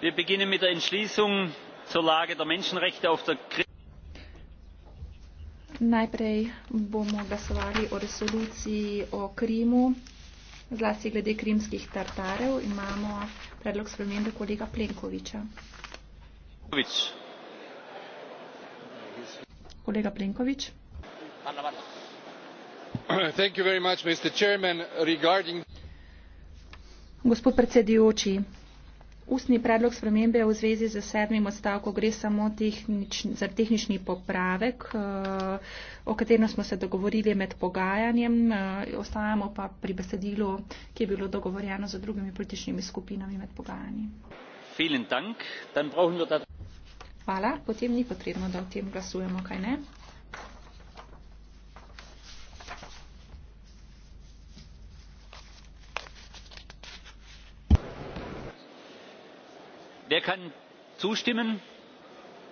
wir beginnen mit der entschließung zur lage der menschenrechte auf der krim. najprej bomo glasovali o resoluciji o krimu zlasti glede krimskih tartarev imamo predlog spremembe kolega plenkoviča plenkovič. kolega plenkovič Thank you very much, Mr. Chairman, regarding... Gospod predsedujoči, ustni predlog spremembe v zvezi z sedmim odstavkom gre samo tehnični, za tehnični popravek, eh, o katerem smo se dogovorili med pogajanjem, eh, ostajamo pa pri besedilu, ki je bilo dogovorjeno z drugimi političnimi skupinami med pogajanji. Hvala, potem ni potrebno, da o tem glasujemo, kaj ne? wer kann zustimmen?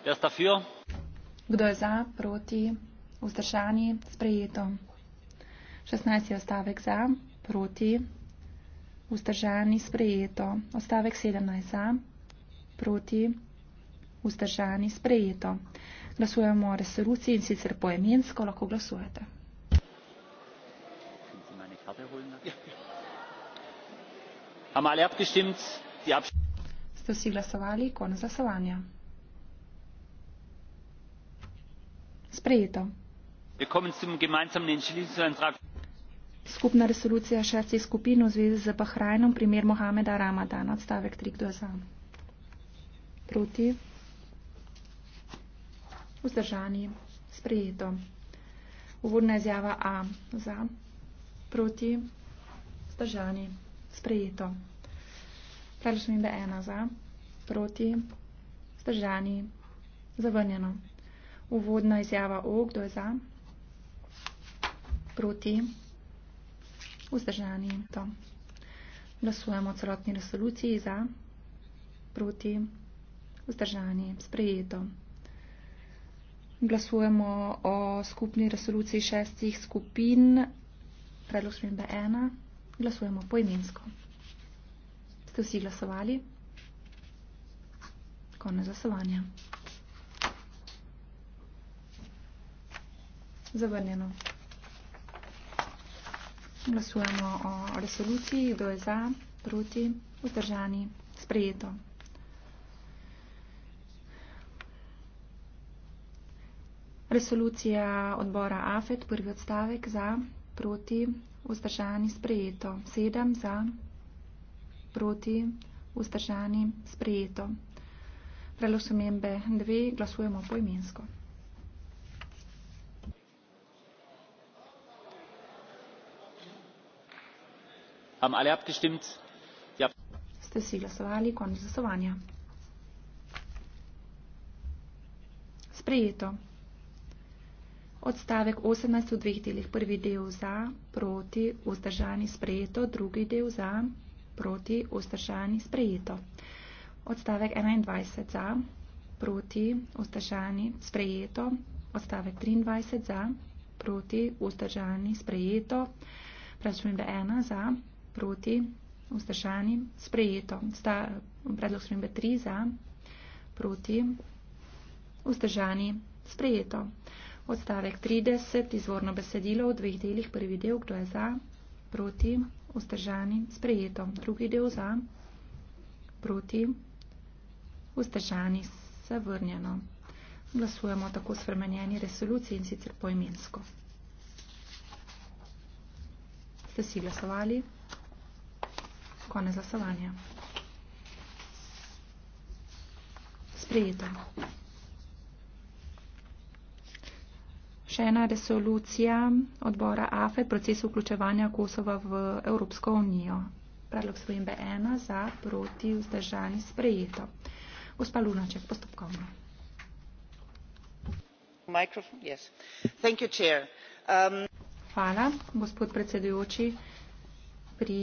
Wer ist dafür? Kdo je za, proti, vzdržani, sprejeto? 16. ostavek za, proti, vzdržani, sprejeto. Ostavek 17. za, proti, vzdržani, sprejeto. Glasujemo o resoluciji in sicer poemensko lahko glasujete. Ja. Haben alle abgestimmt? Die Abst ste vsi glasovali, konec glasovanja. Sprejeto. Skupna resolucija šestih skupin v zvezi z Bahrajnom, primer Mohameda Ramadana, odstavek 3, kdo je za? Proti? Vzdržani? Sprejeto. Uvodna izjava A za? Proti? Vzdržani? Sprejeto. Staleš mi be ena za, proti, zdržani, zavrnjeno. Uvodna izjava O, kdo je za, proti, vzdržani. To. Glasujemo celotni resoluciji za, proti, vzdržani, sprejeto. Glasujemo o skupni resoluciji šestih skupin, predlog smembe ena, glasujemo poimensko. imensko ste vsi glasovali. Konec glasovanja. Zavrnjeno. Glasujemo o resoluciji, kdo je za, proti, vzdržani, sprejeto. Resolucija odbora AFET, prvi odstavek, za, proti, vzdržani, sprejeto. Sedem, za, proti proti, vzdržani, sprejeto. Predlog spremembe 2 glasujemo poimensko. Ja. Ste vsi glasovali, konec glasovanja. Sprejeto. Odstavek 18 v dveh delih. Prvi del za, proti, vzdržani, sprejeto, drugi del za proti, vzdržani, sprejeto. Odstavek 21 za, proti, vzdržani, sprejeto. Odstavek 23 za, proti, vzdržani, sprejeto. Prečujem, da ena za, proti, vzdržani, sprejeto. Sta, predlog spremembe 3 za, proti, vzdržani, sprejeto. Odstavek 30, izvorno besedilo v dveh delih, prvi del, kdo je za, proti, vzdržani, sprejeto. Drugi del za, proti, vzdržani, zavrnjeno. Glasujemo tako spremenjeni resoluciji in sicer poimensko. Ste si glasovali? Konec glasovanja. Sprejeto. še ena resolucija odbora AFE, proces vključevanja Kosova v Evropsko unijo. Predlog spremembe ena za proti vzdržani sprejeto. Gospa Lunaček, postopkovno. Um, Hvala, gospod predsedujoči. Pri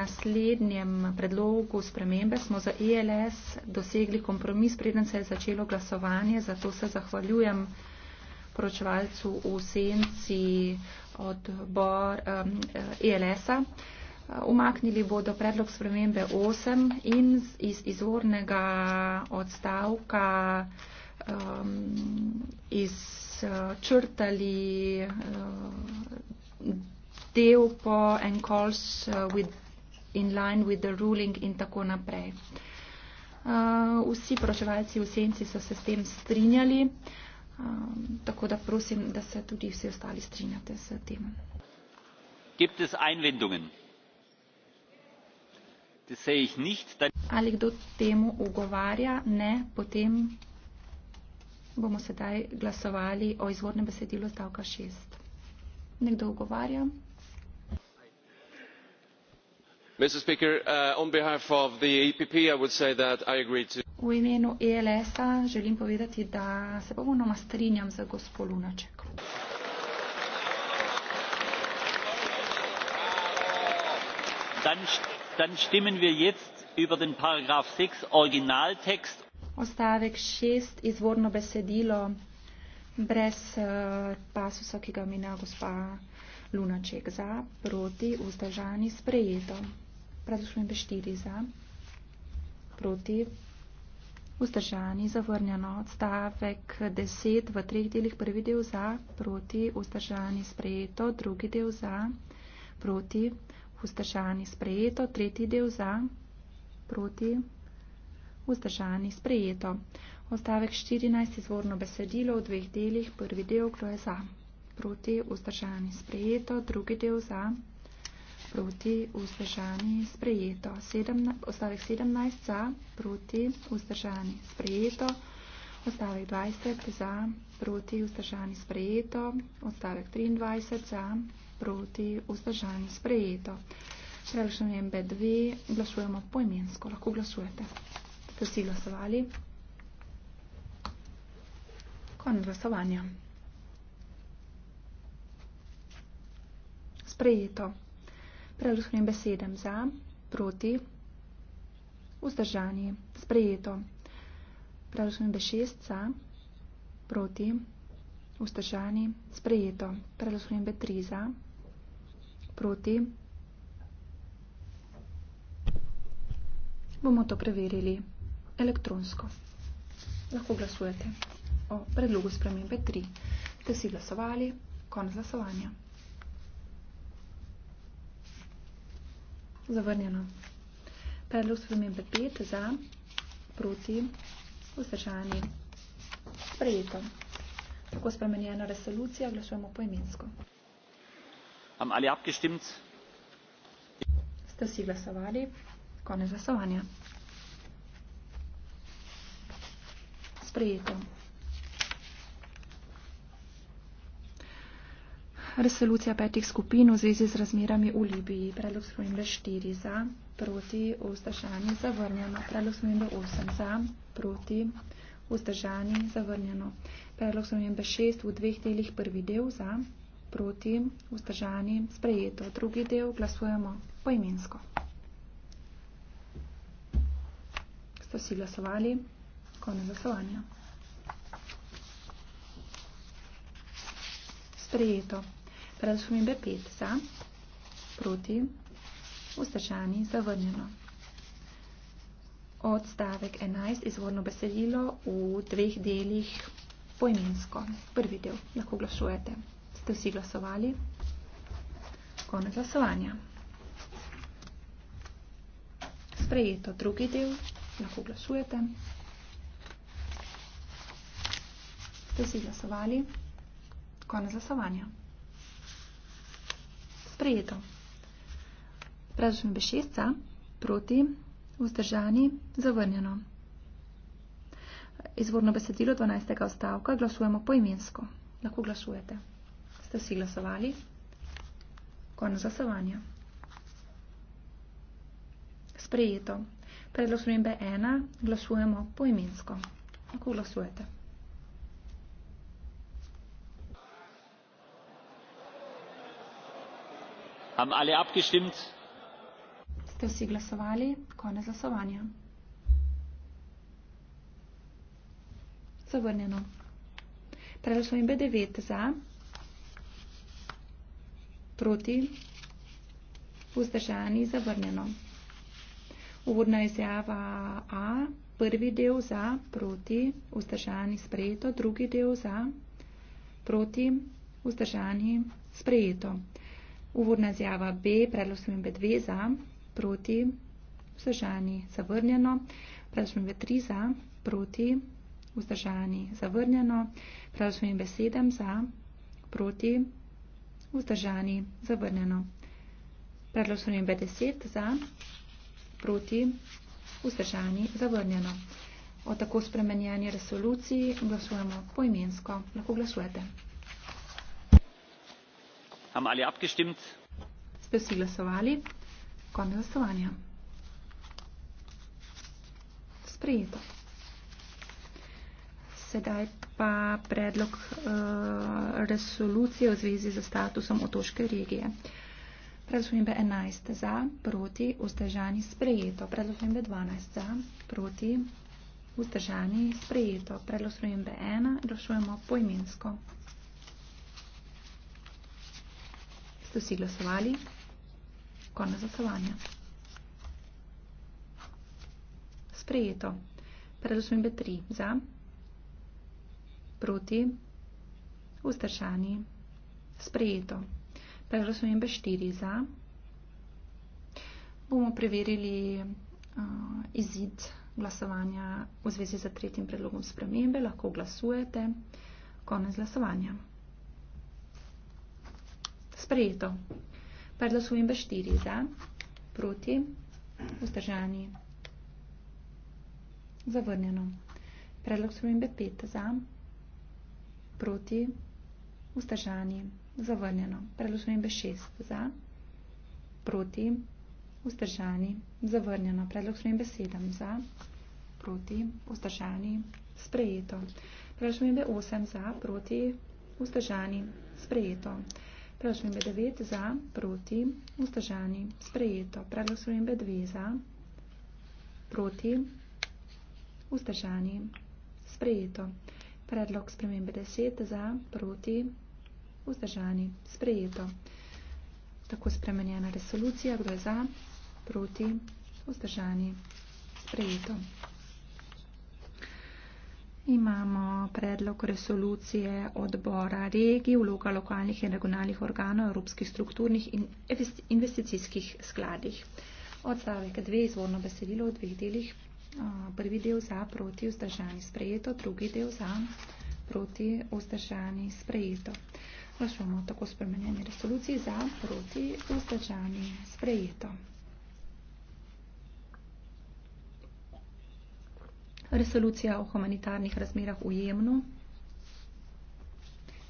naslednjem predlogu spremembe smo za ELS dosegli kompromis, preden se je začelo glasovanje, zato se zahvaljujem poročevalcu v senci odbor um, ELS-a. Umaknili bodo predlog spremembe 8 in iz izvornega odstavka um, izčrtali uh, del po and calls eh, with, in line with the ruling in tako naprej. Uh, vsi proševalci v senci so se s tem strinjali. Uh, Um, tako da prosim, da se tudi vsi ostali strinjate s tem. Gibt es Einwendungen? Das sehe ich nicht. Dann Ali kdo temu ugovarja? Ne, potem bomo sedaj glasovali o izvornem besedilu stavka 6. Nekdo ugovarja? Mr. Speaker, uh, on behalf of the EPP, I would say that I agree to. V imenu ELS-a želim povedati, da se povnoma strinjam za gospod Lunaček. Dann stimmen wir jetzt über den Paragraph 6 Originaltext. Ostavek 6, izvorno besedilo, brez uh, pasusa, ki ga omenja gospa Lunaček za, proti, vzdržani, sprejeto. Predvsem 4 za, proti, Vzdržani zavrnjeno odstavek 10 v treh delih. Prvi del za, proti, vzdržani sprejeto, drugi del za, proti, vzdržani sprejeto, tretji del za, proti, vzdržani sprejeto. Ostavek 14 izvorno besedilo v dveh delih. Prvi del, kdo je za, proti, vzdržani sprejeto, drugi del za, proti vzdržani sprejeto. Ostavek 17 za proti vzdržani sprejeto. Ostavek 20 za proti vzdržani sprejeto. Ostavek 23 za proti vzdržani sprejeto. Prelašanjem B2 glasujemo poimensko. Lahko glasujete. Tako si glasovali. Kon glasovanja. Sprejeto. Sprejeto preračunim besedam za, proti, vzdržani, sprejeto. Preračunim besed za, proti, vzdržani, sprejeto. Preračunim besed tri za, proti. Bomo to preverili elektronsko. Lahko glasujete o predlogu spremembe 3. Ste si glasovali, konc glasovanja. Zavrnjeno. Predlog spremembe 5 za, proti, vzdržani, sprejeto. Tako spremenjena resolucija, glasujemo po imensko. Ste vsi glasovali? Konec glasovanja. Sprejeto. resolucija petih skupin v zvezi z razmerami v Libiji. Predlog spremembe 4 za, proti, vzdržani, zavrnjeno. Predlog spremembe 8 za, proti, vzdržani, zavrnjeno. Predlog spremembe 6 v dveh delih prvi del za, proti, vzdržani, sprejeto. Drugi del glasujemo poimensko. Ste vsi glasovali? Konec glasovanja. Sprejeto. Разуми Б5. За. Против. Устачани. Завърнено. Отставек 11. Изворно беседило в двех делих поименско. Първи дел. Лако глашуете. Сте си гласовали. Конец гласования. Sprejeto drugi del, lahko glasujete. Ste si glasovali? Konec glasovanja sprejeto. Pražen bešesca, proti, vzdržani, zavrnjeno. Izvorno besedilo 12. ostavka glasujemo poimensko. Lahko glasujete. Ste vsi glasovali? Konec glasovanja. Sprejeto. Predlog smembe 1 glasujemo poimensko. Lahko glasujete. Haben alle abgestimmt? Ste vsi glasovali? Konec glasovanja. Zavrnjeno. Preglasujem B9 za, proti, vzdržani, zavrnjeno. Uvodna izjava A, prvi del za, proti, vzdržani, sprejeto, drugi del za, proti, vzdržani, sprejeto. Uvodna zjava B, predlog spremembe 2 za, proti, vzdržani, zavrnjeno, predlog spremembe 3 za, proti, vzdržani, zavrnjeno, predlog spremembe 7 za, proti, vzdržani, zavrnjeno, predlog spremembe 10 za, proti, vzdržani, zavrnjeno. O tako spremenjeni resoluciji glasujemo poimensko, lahko glasujete haben alle abgestimmt. Sprejeto. Sedaj pa predlog uh, resolucije v zvezi z statusom otoške regije. Predložbe 11 za, proti, vzdržani, sprejeto. Predložbe 12 za, proti, vzdržani, sprejeto. Predložbe 1 rešujemo poimensko. ste vsi glasovali. Konec glasovanja. Sprejeto. Predosmembe 3. Za. Proti. Ustršani. Sprejeto. Predosmembe 4. Za. Bomo preverili uh, izid glasovanja v zvezi z tretjim predlogom spremembe. Lahko glasujete. Konec glasovanja. Sprejeto. Predlo su imbe štiri za, proti, vzdržani. Zavrnjeno. Predlog so imbe pet za, proti, vzdržani. Zavrnjeno. Predlog so imbe šest za, proti, vzdržani. Zavrnjeno. Predlog so imbe sedem za, proti, vzdržani. Sprejeto. Predlog so imbe osem za, proti, vzdržani. Sprejeto. Sprejeto. Prosim B9 za, proti, vzdržani, sprejeto. Predlog slovim B2 za, proti, vzdržani, sprejeto. Predlog spremem B10 za, proti, vzdržani, sprejeto. Tako spremenjena resolucija, kdo je za, proti, vzdržani, sprejeto. Imamo predlog resolucije odbora regij, vloga lokalnih in regionalnih organov, evropskih strukturnih in investicijskih skladih. Odstavek dve izvorno besedilo v dveh delih. Prvi del za proti vzdržani sprejeto, drugi del za proti vzdržani sprejeto. Vlašujemo tako spremenjeni resoluciji za proti vzdržani sprejeto. Resolucija o humanitarnih razmerah v Jemnu.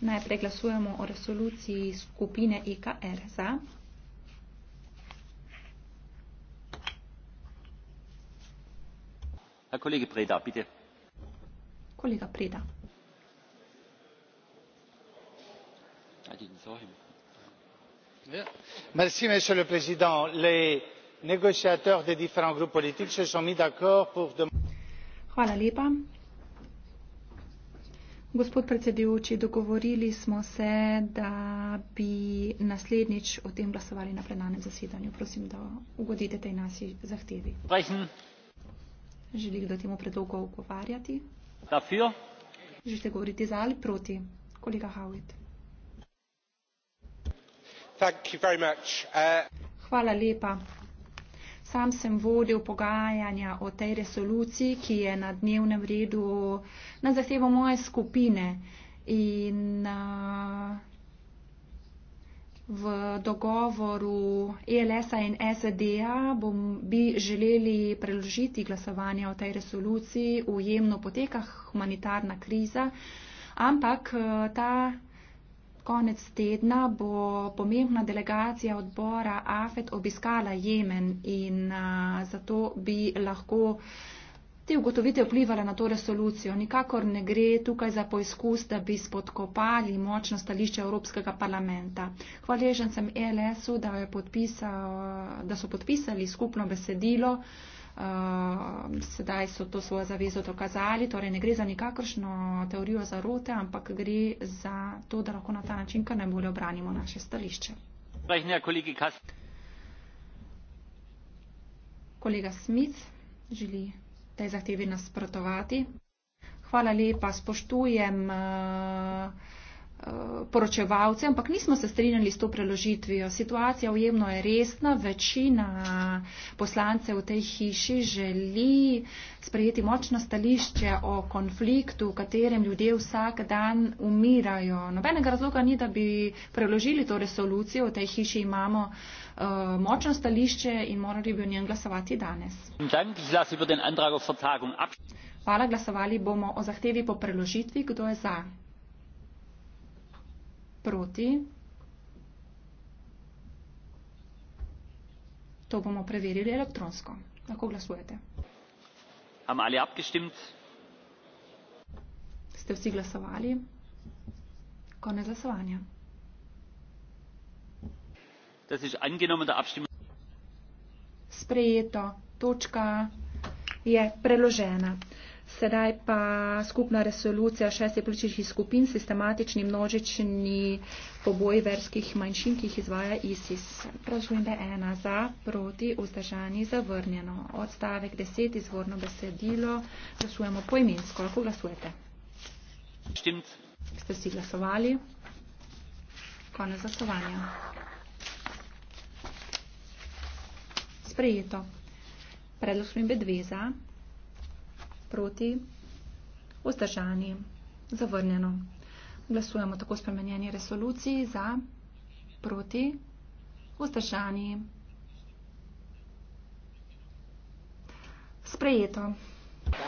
Najprej glasujemo o resoluciji skupine EKR za. Kolega Preda, pite. Kolega Preda. Ja. Merci, Monsieur le Président. Les négociateurs des différents groupes politiques se sont mis d'accord pour demander. Hvala lepa. Gospod predsedujoči, dogovorili smo se, da bi naslednjič o tem glasovali na plenarnem zasedanju. Prosim, da ugodite tej nasi zahtevi. Sprechen. Želi kdo temu predlogu ogovarjati? Dafür. Želite govoriti za ali proti? Kolega Howitt. Thank you very much. Uh... Hvala lepa. Sam sem vodil pogajanja o tej resoluciji, ki je na dnevnem redu na zahtevo moje skupine. In uh, v dogovoru ELS-a in SED-a bi želeli preložiti glasovanje o tej resoluciji. Ujemno poteka humanitarna kriza, ampak uh, ta konec tedna bo pomembna delegacija odbora AFET obiskala Jemen in a, zato bi lahko te ugotovitev vplivala na to resolucijo. Nikakor ne gre tukaj za poizkus, da bi spodkopali močno stališče Evropskega parlamenta. Hvaležen sem ELS-u, da, da so podpisali skupno besedilo. Ehm, sedaj so to svojo zavezo dokazali, torej ne gre za nikakršno teorijo zarote, ampak gre za to, da lahko na ta način kar najbolje obranimo naše stališče. Kolega Smic želi tej zahtevi nasprotovati. Hvala lepa, spoštujem. Uh, poročevalce, ampak nismo se strinjali s to preložitvijo. Situacija ujemno je resna, večina poslancev v tej hiši želi sprejeti močno stališče o konfliktu, v katerem ljudje vsak dan umirajo. Nobenega razloga ni, da bi preložili to resolucijo, v tej hiši imamo eh, močno stališče in morali bi o njem glasovati danes. Hvala, glasovali bomo o zahtevi po preložitvi, kdo je za proti. To bomo preverili elektronsko. Lahko glasujete. Ste vsi glasovali? Konec glasovanja. Sprejeto. Točka je preložena. Sedaj pa skupna resolucija šestih političnih skupin, sistematični množični poboj verskih manjšin, ki jih izvaja ISIS. Razumembe ena za, proti, vzdržani, zavrnjeno. Odstavek deset, izvorno besedilo, glasujemo poimensko. Lahko glasujete? Štimt. Ste vsi glasovali? Konec glasovanja. Sprejeto. Predlog smo imeli dve za, proti, vzdržani, zavrnjeno. Glasujemo tako spremenjeni resoluciji za, proti, vzdržani. Sprejeto.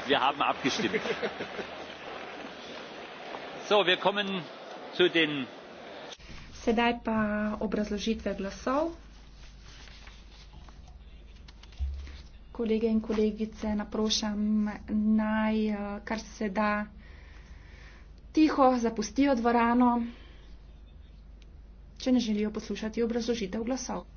Wir haben abgestimmt. So, wir kommen zu den... Sedaj pa obrazložitve glasov. kolege in kolegice naprošam naj, eh, kar se da, tiho zapustijo dvorano, če ne želijo poslušati obrazložitev glasov.